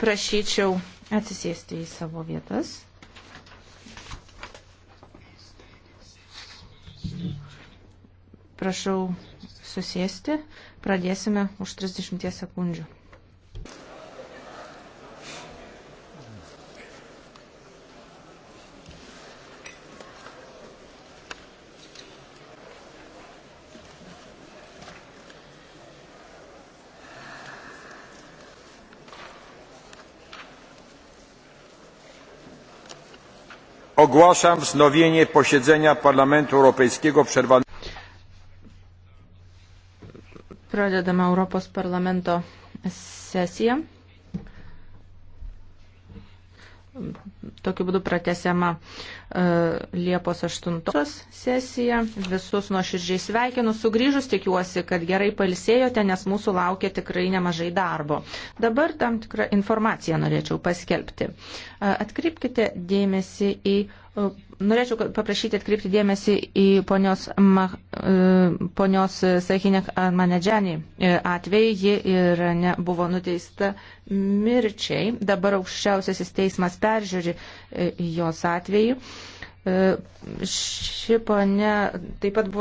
Prašyčiau atsisėsti į savo vietas. Prašau susėsti. Pradėsime už 30 sekundžių. Ogłaszam wznowienie posiedzenia Parlamentu Europejskiego przerwane. Pradedame Europos parlamento sesiją. Tokiu būdu pratesiama e, Liepos 8 sesija. Visus nuoširdžiai sveikinu sugrįžus, tikiuosi, kad gerai palsėjote, nes mūsų laukia tikrai nemažai darbo. Dabar tam tikrą informaciją norėčiau paskelbti. E, atkreipkite dėmesį į, e, norėčiau paprašyti atkreipti dėmesį į ponios Mah. E, ponios Sahinek Manedžiani e, atvejai, ji ir nebuvo nuteista mirčiai. Dabar aukščiausiasis teismas peržiūri e, jos atvejį. Ši ponia taip pat buvo.